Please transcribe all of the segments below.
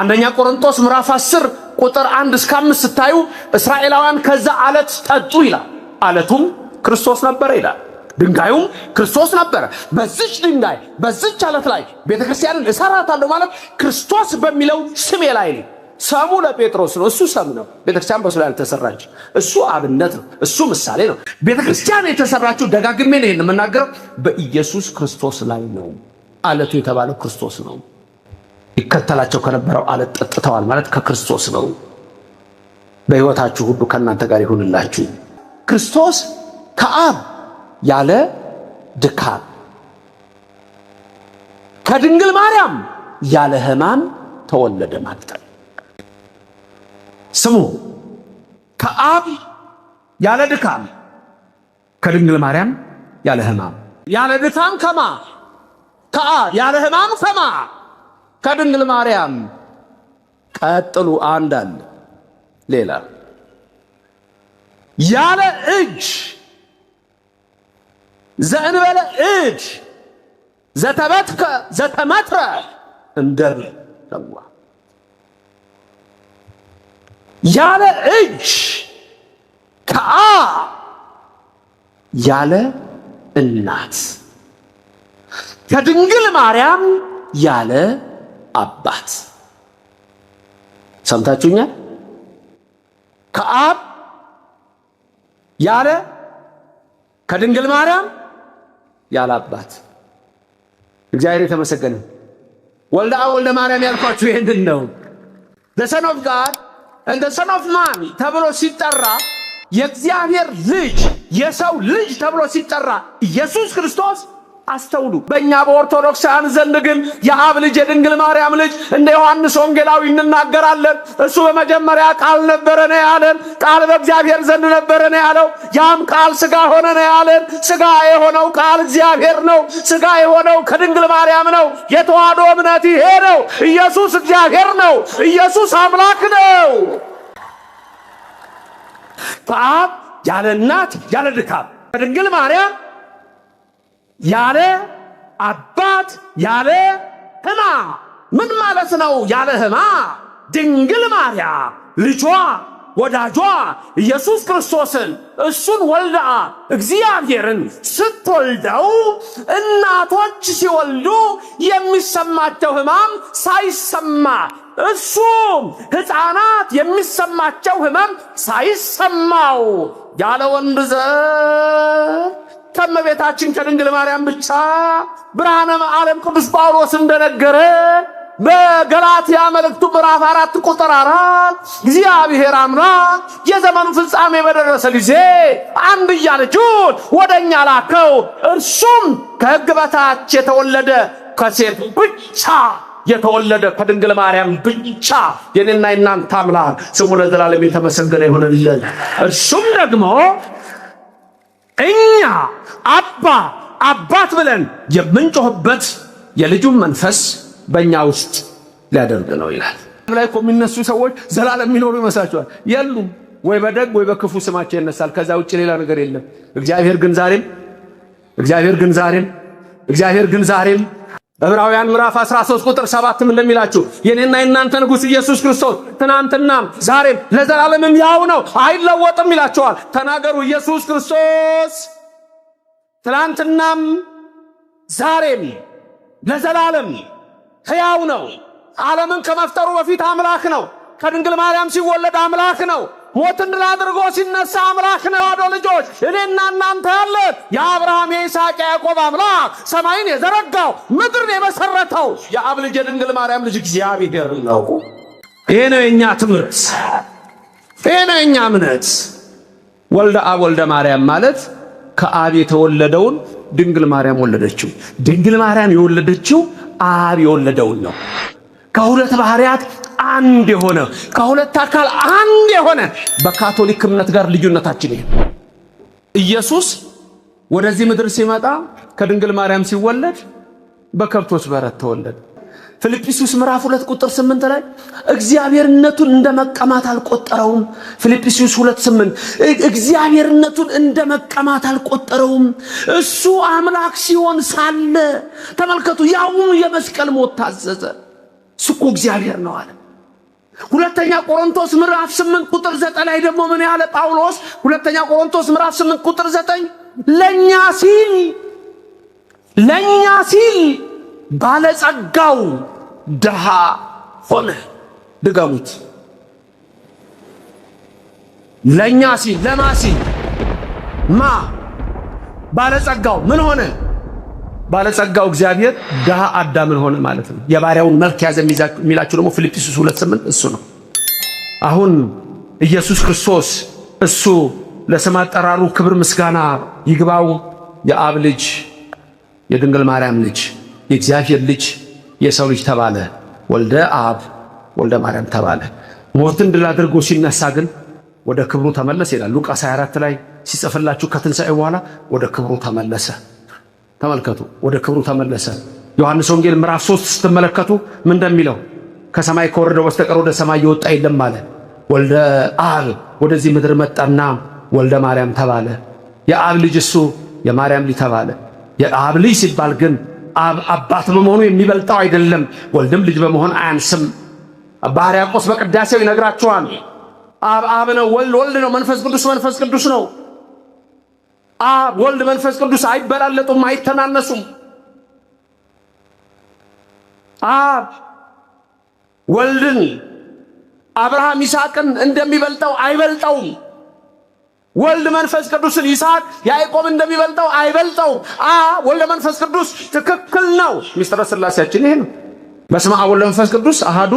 አንደኛ ቆሮንቶስ ምዕራፍ 10 ቁጥር 1 እስከ 5 ስታዩ እስራኤላውያን ከዛ አለት ጠጡ ይላል። አለቱም ክርስቶስ ነበር ይላል። ድንጋዩም ክርስቶስ ነበረ። በዚች ድንጋይ በዚች አለት ላይ ቤተክርስቲያንን እሰራታለሁ ማለት ክርስቶስ በሚለው ስሜ ላይ ነው። ሰሙ ለጴጥሮስ ነው። እሱ ሰም ነው። ቤተክርስቲያን በሱ ላይ አልተሰራች። እሱ አብነት ነው። እሱ ምሳሌ ነው። ቤተክርስቲያን የተሰራችው ደጋግሜ ነው የምናገረው በኢየሱስ ክርስቶስ ላይ ነው። አለቱ የተባለው ክርስቶስ ነው። ይከተላቸው ከነበረው አለት ጠጥተዋል ማለት ከክርስቶስ ነው። በሕይወታችሁ ሁሉ ከእናንተ ጋር ይሁንላችሁ። ክርስቶስ ከአብ ያለ ድካም ከድንግል ማርያም ያለ ሕማም ተወለደ ማለት ነው። ስሙ ከአብ ያለ ድካም ከድንግል ማርያም ያለ ሕማም ያለ ድካም ከማ ከአብ ያለ ሕማም ከማ ከድንግል ማርያም ቀጥሉ አንድ አለ። ሌላ ያለ እጅ ዘእንበለ እጅ ዘተበትከ ዘተመትረ እንደር ሰዋ ያለ እጅ ከአ ያለ እናት ከድንግል ማርያም ያለ አባት ሰምታችሁኛል። ከአብ ያለ ከድንግል ማርያም ያለ አባት እግዚአብሔር የተመሰገነ። ወልደ አብ ወልደ ማርያም ያልኳችሁ ይህንን ነው። ሰን ኦፍ ጋድ እንደ ሰን ኦፍ ማን ተብሎ ሲጠራ የእግዚአብሔር ልጅ የሰው ልጅ ተብሎ ሲጠራ ኢየሱስ ክርስቶስ አስተውሉ። በእኛ በኦርቶዶክሳውያን ዘንድ ግን የአብ ልጅ የድንግል ማርያም ልጅ እንደ ዮሐንስ ወንጌላዊ እንናገራለን። እሱ በመጀመሪያ ቃል ነበረ ነው ያለን። ቃል በእግዚአብሔር ዘንድ ነበረ ነው ያለው። ያም ቃል ስጋ ሆነ ነው ያለን። ስጋ የሆነው ቃል እግዚአብሔር ነው። ስጋ የሆነው ከድንግል ማርያም ነው። የተዋህዶ እምነት ይሄ ነው። ኢየሱስ እግዚአብሔር ነው። ኢየሱስ አምላክ ነው። ከአብ ያለ እናት ያለ ድካም ከድንግል ማርያም ያለ አባት ያለ ህማ ምን ማለት ነው? ያለ ህማ ድንግል ማርያም ልጇ ወዳጇ ኢየሱስ ክርስቶስን እሱን ወልዳ እግዚአብሔርን ስትወልደው እናቶች ሲወልዱ የሚሰማቸው ህማም ሳይሰማ እሱም ሕፃናት የሚሰማቸው ህመም ሳይሰማው ያለ ወንድ ዘር ከመቤታችን ከድንግል ማርያም ብቻ ብርሃነ ዓለም ቅዱስ ጳውሎስ እንደነገረ በገላትያ መልእክቱ ምዕራፍ አራት ቁጥር አራት እግዚአብሔር አምላክ የዘመኑ ፍጻሜ በደረሰ ጊዜ አንድያ ልጁን ወደ እኛ ላከው፣ እርሱም ከሕግ በታች የተወለደ ከሴት ብቻ የተወለደ ከድንግል ማርያም ብቻ የኔና የናንተ አምላክ ስሙ ለዘላለም የተመሰገነ ይሆንልን። እርሱም ደግሞ እኛ አባ አባት ብለን የምንጮህበት የልጁን መንፈስ በእኛ ውስጥ ሊያደርግ ነው ይላል። ላይ እኮ የሚነሱ ሰዎች ዘላለም የሚኖሩ ይመስላችኋል? የሉም። ወይ በደግ ወይ በክፉ ስማቸው ይነሳል። ከዛ ውጭ ሌላ ነገር የለም። እግዚአብሔር ግን ዛሬም እግዚአብሔር ግን ዛሬም እግዚአብሔር ግን ዛሬም ዕብራውያን ምዕራፍ 13 ቁጥር 7 እንደሚላችሁ የኔና የእናንተ ንጉሥ ኢየሱስ ክርስቶስ ትናንትናም ዛሬም ለዘላለምም ያው ነው፣ አይለወጥም ይላቸዋል። ተናገሩ። ኢየሱስ ክርስቶስ ትናንትናም ዛሬም ለዘላለም ሕያው ነው። ዓለምን ከመፍጠሩ በፊት አምላክ ነው። ከድንግል ማርያም ሲወለድ አምላክ ነው። ሞትን ድል አድርጎ ሲነሳ አምላክ ነው። አዶ ልጆች እኔና እናንተ ያለን የአብርሃም የይስሐቅ ያዕቆብ አምላክ ሰማይን የዘረጋው ምድርን የመሰረተው የአብ ልጅ የድንግል ማርያም ልጅ እግዚአብሔር ነው። ይሄ ነው የእኛ ትምህርት፣ ይሄ ነው የእኛ እምነት። ወልደ አብ ወልደ ማርያም ማለት ከአብ የተወለደውን ድንግል ማርያም ወለደችው። ድንግል ማርያም የወለደችው አብ የወለደውን ነው ከሁለት ባህርያት አንድ የሆነ ከሁለት አካል አንድ የሆነ በካቶሊክ እምነት ጋር ልዩነታችን ይሄ ኢየሱስ ወደዚህ ምድር ሲመጣ ከድንግል ማርያም ሲወለድ በከብቶች በረት ተወለደ። ፊልጵስዩስ ምዕራፍ ሁለት ቁጥር ስምንት ላይ እግዚአብሔርነቱን እንደ መቀማት አልቆጠረውም። ፊልጵስዩስ ሁለት ስምንት እግዚአብሔርነቱን እንደ መቀማት አልቆጠረውም። እሱ አምላክ ሲሆን ሳለ ተመልከቱ፣ ያውኑ የመስቀል ሞት ታዘዘ። እሱ እግዚአብሔር ነው አለ። ሁለተኛ ቆሮንቶስ ምዕራፍ 8 ቁጥር 9 ላይ ደግሞ ምን ያለ ጳውሎስ ሁለተኛ ቆሮንቶስ ምዕራፍ 8 ቁጥር 9 ለኛ ሲል ለኛ ሲል ባለጸጋው ድሃ ሆነ። ድገሙት። ለኛ ሲል ለማ ሲል ማ ባለጸጋው ምን ሆነ? ባለጸጋው እግዚአብሔር ድሃ አዳምን ሆነ ማለት ነው። የባሪያውን መልክ ያዘ የሚላችሁ ደግሞ ፊልጵስዩስ 2:8 እሱ ነው። አሁን ኢየሱስ ክርስቶስ እሱ ለስም አጠራሩ ክብር ምስጋና ይግባው። የአብ ልጅ፣ የድንግል ማርያም ልጅ፣ የእግዚአብሔር ልጅ፣ የሰው ልጅ ተባለ። ወልደ አብ ወልደ ማርያም ተባለ። ሞትን ድል አድርጎ ሲነሳ ግን ወደ ክብሩ ተመለሰ ይላል ሉቃስ 24 ላይ ሲጽፍላችሁ ከትንሣኤ በኋላ ወደ ክብሩ ተመለሰ። ተመልከቱ፣ ወደ ክብሩ ተመለሰ። ዮሐንስ ወንጌል ምዕራፍ 3 ስትመለከቱ ምን እንደሚለው ከሰማይ ከወረደው በስተቀር ወደ ሰማይ የወጣ የለም አለ። ወልደ አብ ወደዚህ ምድር መጣና ወልደ ማርያም ተባለ። የአብ ልጅ እሱ የማርያም ልጅ ተባለ። የአብ ልጅ ሲባል ግን አብ አባት በመሆኑ የሚበልጠው አይደለም። ወልድም ልጅ በመሆን አያንስም። አባ ሕርያቆስ በቅዳሴው ይነግራችኋል። አብ አብ ነው፣ ወልድ ወልድ ነው፣ መንፈስ ቅዱስ መንፈስ ቅዱስ ነው። አብ ወልድ መንፈስ ቅዱስ አይበላለጡም፣ አይተናነሱም። አብ ወልድን አብርሃም ይስሐቅን እንደሚበልጠው አይበልጠውም። ወልድ መንፈስ ቅዱስን ይስሐቅ ያዕቆብ እንደሚበልጠው አይበልጠውም። አ ወልድ መንፈስ ቅዱስ ትክክል ነው። ሚስጥረ ስላሴያችን ይሄ ነው። በስመ አብ ወልድ መንፈስ ቅዱስ አሃዱ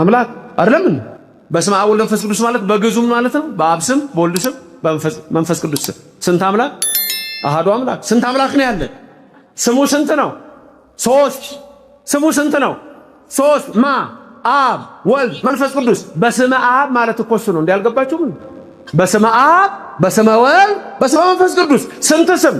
አምላክ አይደለምን? በስመ አብ ወልድ መንፈስ ቅዱስ ማለት በግዙም ማለት ነው። በአብ ስም በወልድ ስም መንፈስ ቅዱስ ስም ስንት አምላክ? አሃዱ አምላክ። ስንት አምላክ ነው ያለን? ስሙ ስንት ነው? ሶስት። ስሙ ስንት ነው? ሶስት። ማ አብ፣ ወልድ፣ መንፈስ ቅዱስ። በስመ አብ ማለት እኮ እሱ ነው። እንዲ አልገባችሁም? በስመ አብ፣ በስመ ወልድ፣ በስመ መንፈስ ቅዱስ። ስንት ስም?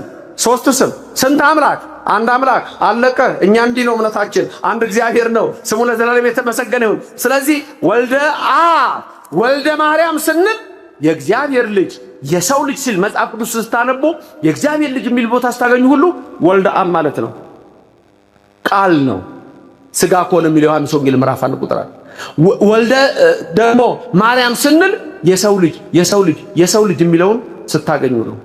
ሶስት ስም። ስንት አምላክ? አንድ አምላክ አለቀ። እኛ እንዲህ ነው እምነታችን፣ አንድ እግዚአብሔር ነው ስሙ ለዘላለም የተመሰገነ ይሁን። ስለዚህ ወልደ አብ ወልደ ማርያም ስንል የእግዚአብሔር ልጅ የሰው ልጅ ሲል መጽሐፍ ቅዱስ ስታነቡ የእግዚአብሔር ልጅ የሚል ቦታ ስታገኙ ሁሉ ወልደ አብ ማለት ነው። ቃል ነው። ስጋ ከሆነ የሚለው ዮሐንስ ወንጌል ምዕራፍ አንድ ቁጥር ወልደ ደግሞ ማርያም ስንል የሰው ልጅ የሰው ልጅ የሰው ልጅ የሚለውን ስታገኙ ነው።